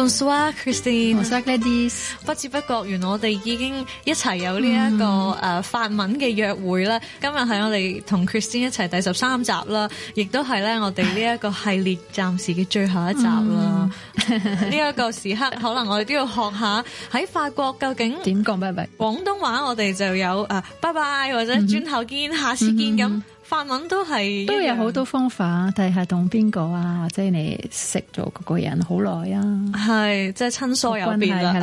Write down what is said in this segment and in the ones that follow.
Bonsoir Christine, Bonsoir Gladys. 不知不覺，原來我哋已經一齊有呢一個誒法文嘅約會啦。Mm. 今日係我哋同 Christine 一齊第十三集啦，亦都係咧我哋呢一個系列暫時嘅最後一集啦。呢一、mm. 個時刻， 可能我哋都要學下喺法國究竟點講？拜拜。廣東話我哋就有誒，拜、呃、拜或者轉頭、mm hmm. 見，下次見咁。Mm hmm. 法文都係都有好多方法，但係同邊個啊，或者你識咗嗰個人好耐啊，係即係親疏有別啦。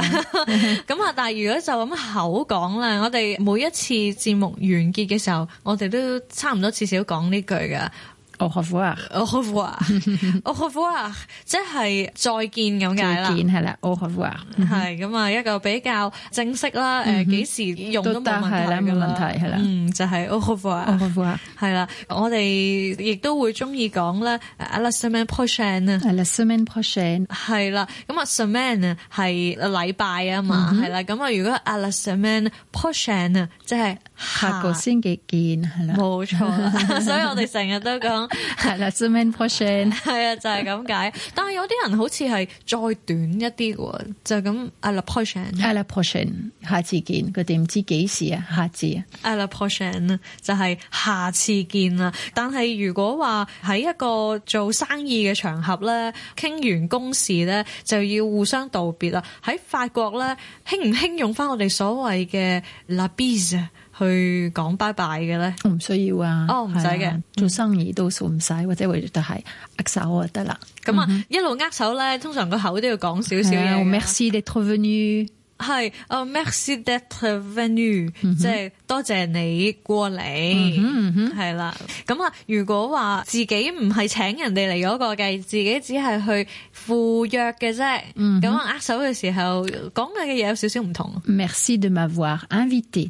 咁啊， 但係如果就咁口講啦，我哋每一次節目完結嘅時候，我哋都差唔多至少講呢句噶。Au revoir！Au revoir！Au revoir！即係再見咁解啦。再見係啦，Au revoir？係咁啊，一個比較正式啦。誒，幾時用都冇問題嘅問題係啦。嗯，就係 Au revoir？Au revoir？係啦，我哋亦都會中意講咧。à la semaine prochaine。à la semaine prochaine，係啦。咁，semaine 係禮拜吖嘛？係啦。咁啊，如果 à la semaine prochaine，即係下個星期見係啦。冇錯啦，所以我哋成日都講。係啦，semaine prochaine 係啊，就係咁解。但係有啲人好似係再短一啲嘅，就咁、是。à la prochaine à la prochaine 下次見。佢點知幾時啊？下次啊，la prochaine 就係下次見啦。但係如果話喺一個做生意嘅場合咧，傾完公事咧，就要互相道別啦。喺法國咧，興唔興用翻我哋所謂嘅 la bise？去講拜拜嘅咧，唔需要啊。哦、oh, 啊，唔使嘅，做生意都做唔使，或者或者都係握手就得啦。咁啊，一路握手咧，通常個口都要講少少嘢、啊。Okay, merci d'être venu，係，我、uh, Merci d'être venu，、mm hmm. 即係多謝你過嚟，係啦、mm。咁、hmm, mm hmm. 啊，如果話自己唔係請人哋嚟嗰個嘅，自己只係去赴約嘅，啫、mm。咁、hmm. 啊、握手嘅時候講嘅嘢有少少唔同、啊。Mm hmm. Merci de m'avoir invité。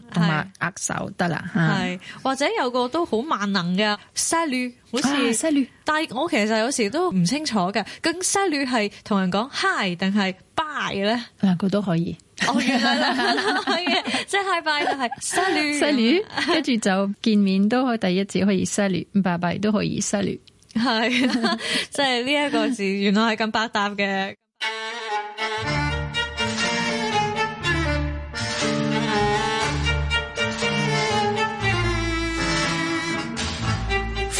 係握手得啦，係、啊、或者有個都好萬能嘅 salute，好似 salute，、啊、但係我其實有時都唔清楚嘅，咁 salute 係同人講 hi 定係 bye 咧？兩個都可以，哦原來嘅，即、就、係、是、hi bye 就係 salute，salute，跟住就見面都可以第一次可以 salute，拜拜都可以 salute，係即係呢一個字原來係咁百搭嘅。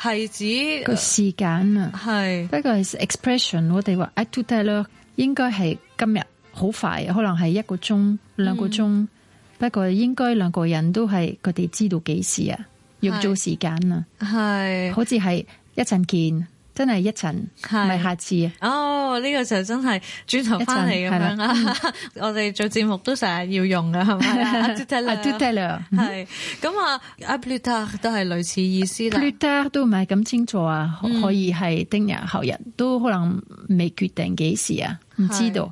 係指個時間啊，係是，不過係 expression，我哋話，I to tell 應該係今日好快，可能係一個鐘兩個鐘，嗯、不過應該兩個人都係佢哋知道幾時,是時啊，約咗時間啊，係，好似係一陣見。真係一層，係下次啊！哦，呢個就真係轉頭翻嚟咁樣啦。我哋做節目都成日要用噶，係咪啊 tout à l'heure 係咁啊，ablutter 都係類似意思啦。ablutter 都唔係咁清楚啊，可以係聽日後日都可能未決定幾時啊，唔知道。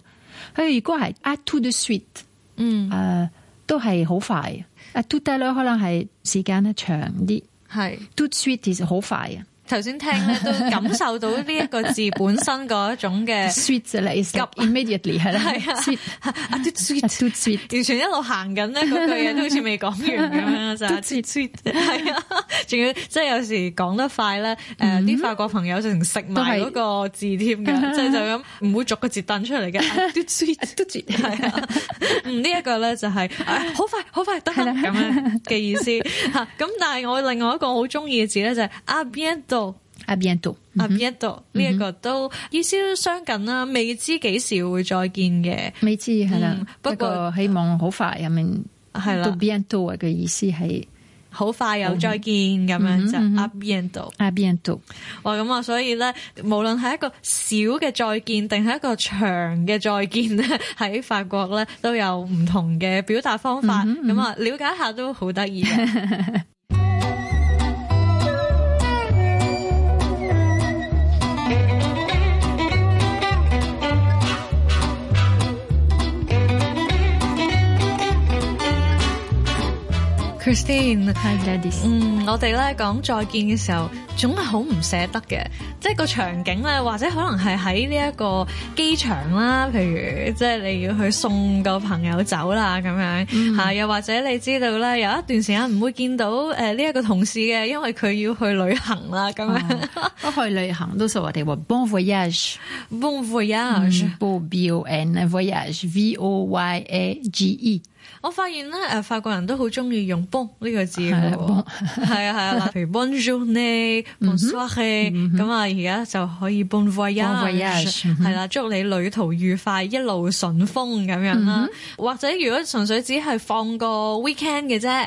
佢如果係啊 tout de suite 嗯，誒，都係好快啊。tout à l'heure 可能係時間咧長啲，係 tout de suite 係好快啊。頭先聽咧都感受到呢一個字本身嗰一種嘅 sweet 咧，急 immediately 係啦，sweet，sweet，完全一路行緊咧，嗰句嘢都好似未講完咁樣就，sweet，係啊。仲要即係有時講得快咧，誒啲法國朋友就成食埋嗰個字添㗎，即係就咁唔會逐個字彈出嚟嘅。係啊，嗯呢一個咧就係好快好快，得咁樣嘅意思嚇。咁但係我另外一個好中意嘅字咧就係啊邊一度啊，邊一度啊，邊一度呢一個都意思都相近啦，未知幾時會再見嘅，未知係啦。不過希望好快入面係啦。邊一度嘅意思係。好快又再見咁、mm hmm. 樣、mm hmm. 就、mm hmm. à bientôt à bientôt 哇咁啊、嗯、所以咧無論係一個小嘅再見定係一個長嘅再見咧喺法國咧都有唔同嘅表達方法咁啊、mm hmm. 了解下都好得意。Mm hmm. Christine，Glad 嗯，我哋咧講再見嘅時候，總係好唔捨得嘅，即係個場景咧，或者可能係喺呢一個機場啦，譬如即係你要去送個朋友走啦咁樣，吓、mm. 啊、又或者你知道咧，有一段時間唔會見到誒呢一個同事嘅，因為佢要去旅行啦咁樣，uh. 去旅行都係我哋話 bon voyage，bon voyage，b Bon voyage.、mm, bon、voyage. o n voyage，v o y a g e。我發現咧，誒、呃、法國人都好中意用 bon 呢個字嘅喎，係啊，係啊，譬如 bonne journée 咧，bonne soirée 咁啊，而家就可以 bon voyage 係啦，祝你旅途愉快，一路順風咁樣啦。嗯、哼或者如果純粹只係放個 Weekend 嘅啫。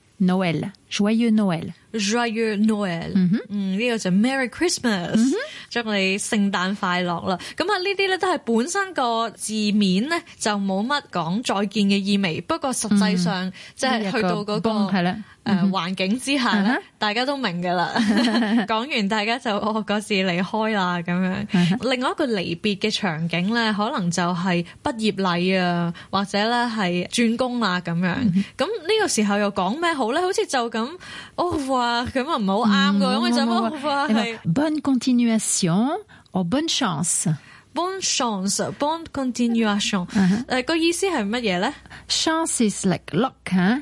Noël，joyeux Noël，joyeux Noël，嗯，呢個就 Merry Christmas，祝你聖誕快樂啦。咁啊呢啲咧都係本身個字面咧就冇乜講再見嘅意味，不過實際上即係去到嗰個。誒、呃、環境之下咧，uh huh. 大家都明嘅啦。講 完大家就哦嗰時離開啦咁樣。Uh huh. 另外一個離別嘅場景咧，可能就係畢業禮啊，或者咧係轉工啦、啊、咁樣。咁呢、uh huh. 個時候又講咩好咧？好似就咁，au revoir，咁啊唔好啱嘅，我哋就講好啊，係。Bonne continuation，or bonne chance。Bonne chance，bonne continuation。誒個意思係乜嘢咧 Chance is like luck 嚇、huh？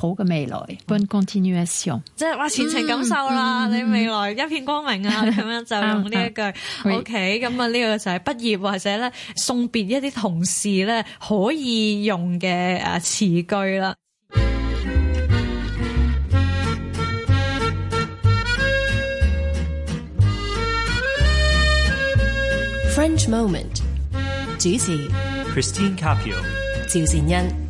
好嘅未來，bonne continuation，即係話前程錦繡啦，你未來一片光明啊，咁樣就用呢一句，OK，咁啊呢個就係畢業或者咧送別一啲同事咧可以用嘅誒詞句啦。French moment 主持 Christine Capio，趙善恩。elles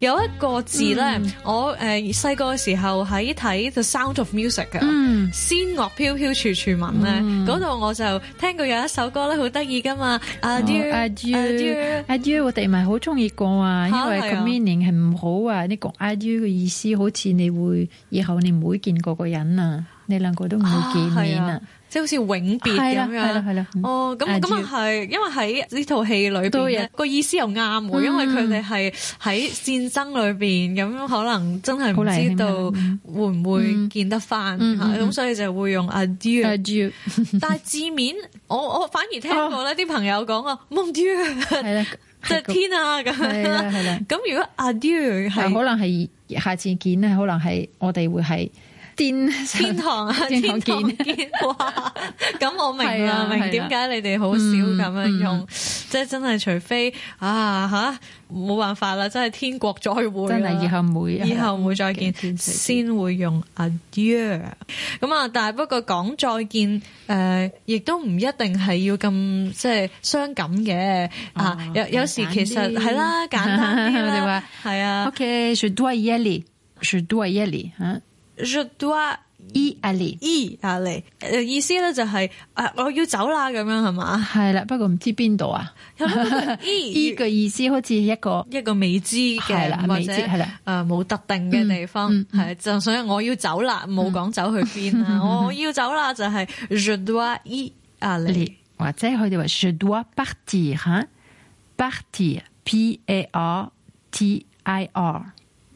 有一個字咧，我誒細個嘅時候喺睇《The Sound of Music》嘅，仙樂飄飄處處聞咧，嗰度我就聽過有一首歌咧，好得意㗎嘛。Adieu, adieu, adieu。我哋唔係好中意講啊，因為個 meaning 係唔好啊。呢個 adieu 嘅意思，好似你會以後你唔會見過個人啊，你兩個都唔會見面啊。即係好似永別咁樣，係啦，係啦哦，咁，咁啊係，因為喺呢套戲裏邊咧，個意思又啱喎，因為佢哋係喺戰爭裏邊咁，可能真係唔知道會唔會見得返，咁所以就會用 adieu。但係字面，我我反而聽過咧，啲朋友講啊，mon dieu，即係天啊咁樣啦。咁如果 adieu 係，可能係下次見咧，可能係我哋會係。天天堂啊，天堂見咁我明啊，明點解你哋好少咁樣用，嗯、即係真係除非啊吓冇、啊、辦法啦，真係天國再會，會，真係以後唔會，以後唔會再見，天天先會用 adieu。咁、呃、啊，但係不過講再見誒，亦都唔一定係要咁即係傷感嘅啊，有有時其實係啦，簡單啲啊，係啊，ok，說多耶利，說多耶利，吓。je dois y aller y aller，誒意思咧，就係誒我要走啦，咁樣係嘛？係啦，不過唔知邊度啊 E 嘅意思好似一個一個未知嘅，或者係啦誒冇特定嘅地方係就所以我要走啦，冇講走去邊啦，我要走啦就係 je dois y aller，或者佢哋話 je dois partir p a r t i p a r t i r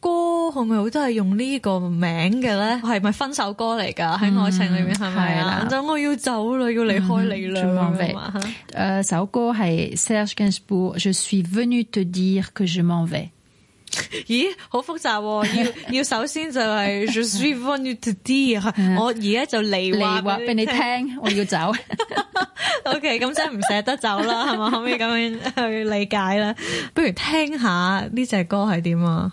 歌係咪都係用呢個名嘅咧？係咪分手歌嚟噶？喺愛情裏面係咪啊？咁我要走啦，要離開你啦。誒，法國係 Serge Gainsbourg，Je suis venu te dire que je m’en vais。咦，好複雜，要要首先就係 Je suis venu te dire，我而家就嚟話俾你聽，我要走。O K，咁真係唔捨得走啦，係咪？可唔可以咁樣去理解咧？不如聽下呢隻歌係點啊？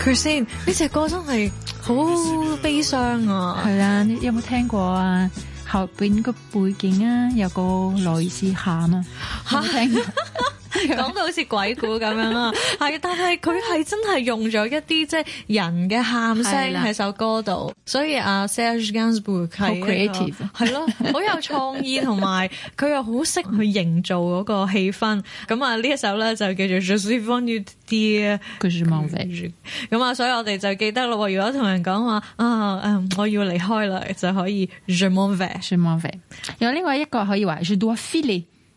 佢先呢隻歌真係好悲傷啊！係啊，你有冇聽過啊？後邊個背景個啊，有個女士喊啊，好 講到好似鬼故咁樣啦，係， 但係佢係真係用咗一啲即係人嘅喊聲喺首歌度， 所以啊，Serge Gainsbourg 係，係、uh, 咯，好 有創意同埋，佢又好識去營造嗰個氣氛。咁啊，呢一首咧就叫做 Je suis venu te dire，que je m'en vais。咁啊，所以我哋就記得咯。如果同人講話啊，uh, 我要離開了，就可以 Je m'en vais，Je m'en vais。有另外一個可以話 Je dois filer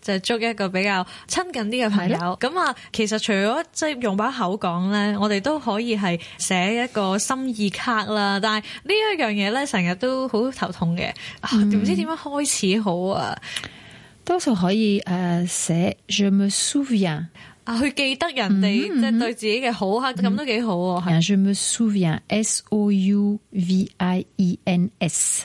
就捉一個比較親近啲嘅朋友，咁啊的，其實除咗即係用把口講咧，我哋都可以係寫一個心意卡啦。但係呢一樣嘢咧，成日都好頭痛嘅，唔、嗯、知點樣開始好啊？多數可以誒寫、uh, Je me souviens，、啊、去記得人哋即係對自己嘅好嚇，咁、mm hmm. 都幾好喎。Je me souviens，s o u v i e n s。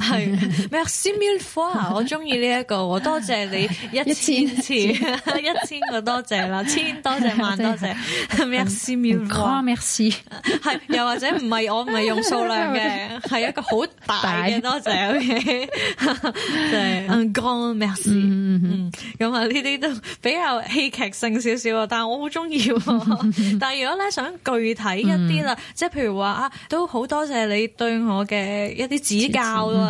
係 Merci mille fois，、e、 我中意呢一個，我多謝你一千次， 一千個多謝啦，千多謝，萬多謝。 Merci mille fois，Merci 係、e、 又或者唔係我唔係用數量嘅，係 一個好大嘅多謝。o k a 即係。嗯 grand merci。嗯、hmm. 嗯嗯。咁啊，呢啲都比較戲劇性少少啊，但係我好中意。 但係如果咧想具體一啲啦，mm hmm. 即係譬如話啊，都好多謝你對我嘅一啲指教囉。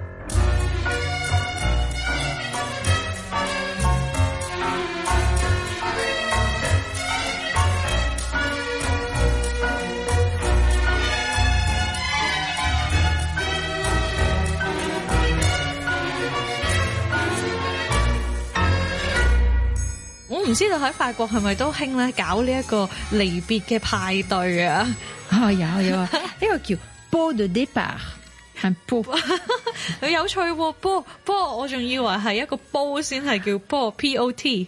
唔知道喺法國係咪都興咧搞呢一個離別嘅派對啊！ 啊，有有啊，呢、這個叫 pot de départ 係 pot 好有趣喎。pot，pot，我仲以為係一個 pot 先係叫 pot，p o t。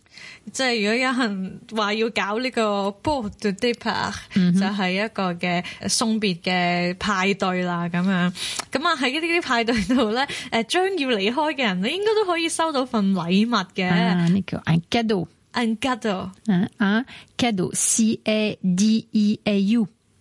即係如果有人話要搞呢個 pot de départ 就係一個嘅送別嘅派對啦，咁樣，咁啊喺呢啲派對度咧，誒將要離開嘅人，應該都可以收到份禮物嘅。呢個 un cadeau un cadeau 嚇，啊 cadeau c a d e a u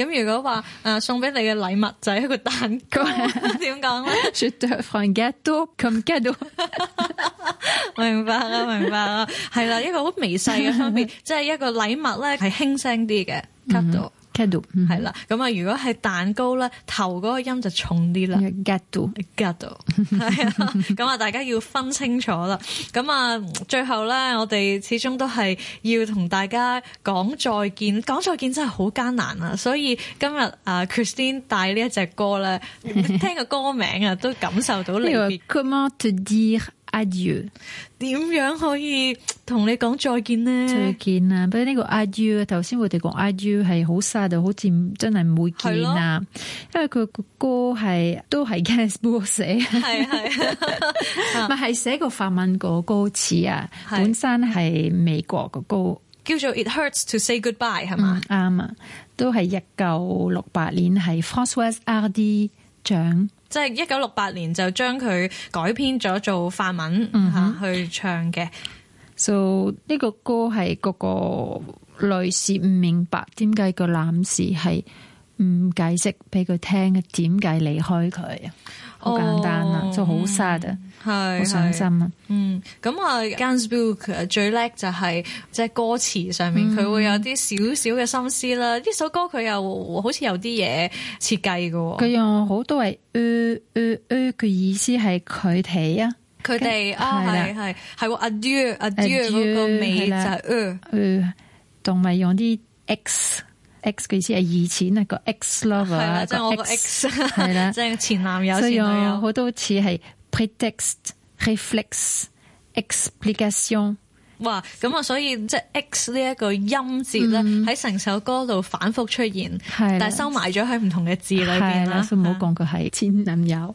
咁如果話誒，送俾你嘅禮物就係一個蛋糕，點講咧？s 說呢 明白啦，明白啦，係 啦，一個好微細嘅方面， 即係一個禮物咧係輕聲啲嘅 cut 到。Mm hmm. 係啦，咁啊，如果係蛋糕咧，頭嗰個音就重啲啦。Get do，get do，係啊，咁啊，大家要分清楚啦。咁啊，最後咧，我哋始終都係要同大家講再見，講再見真係好艱難啊！所以今日啊，Kristin 帶呢一隻歌咧，聽個歌名啊，都感受到離別。 Adieu 點樣可以同你講再見呢？再見啊！Adieu, 不過呢個 Adieu，頭先我哋講 Adieu 係好 sad，好似真係唔會見啊！的因為佢個歌係都係 Gainsbourg 寫，係係咪係寫個法文個歌詞啊？的本身係美國個歌，叫做《It Hurts to Say Goodbye》係嘛、嗯？啱啊，都係一九六八年，係 Françoise Hardy 即係一九六八年就將佢改編咗做法文吓、嗯、哼去唱嘅，So 呢個歌係嗰個女士唔明白點解個男士係。唔解釋俾佢聽，點解離開佢啊？好簡單啊，就好 sad 啊，好傷心啊！嗯，咁啊，Gainsbourg 最叻就係即係歌詞上面，佢會有啲少少嘅心思啦。呢首歌佢又好似有啲嘢設計嘅，佢用好多係呃呃呃嘅意思係佢睇啊，佢哋啊，係係係阿 Jo 阿 Jo 嗰個尾就呃呃，同埋用啲 X。X 嘅意思係以前一個 X lover，我個 X，係啦，即係前男友。所以有好多次係 pretext、reflex、explanation。哇，咁啊，所以即係 X 呢一個音節咧，喺成首歌度反覆出現，但係收埋咗喺唔同嘅字裏邊啦。所以唔好講佢係前男友。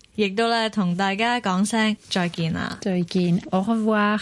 亦都咧，同大家講聲再見啦，再見，再見，au revoir。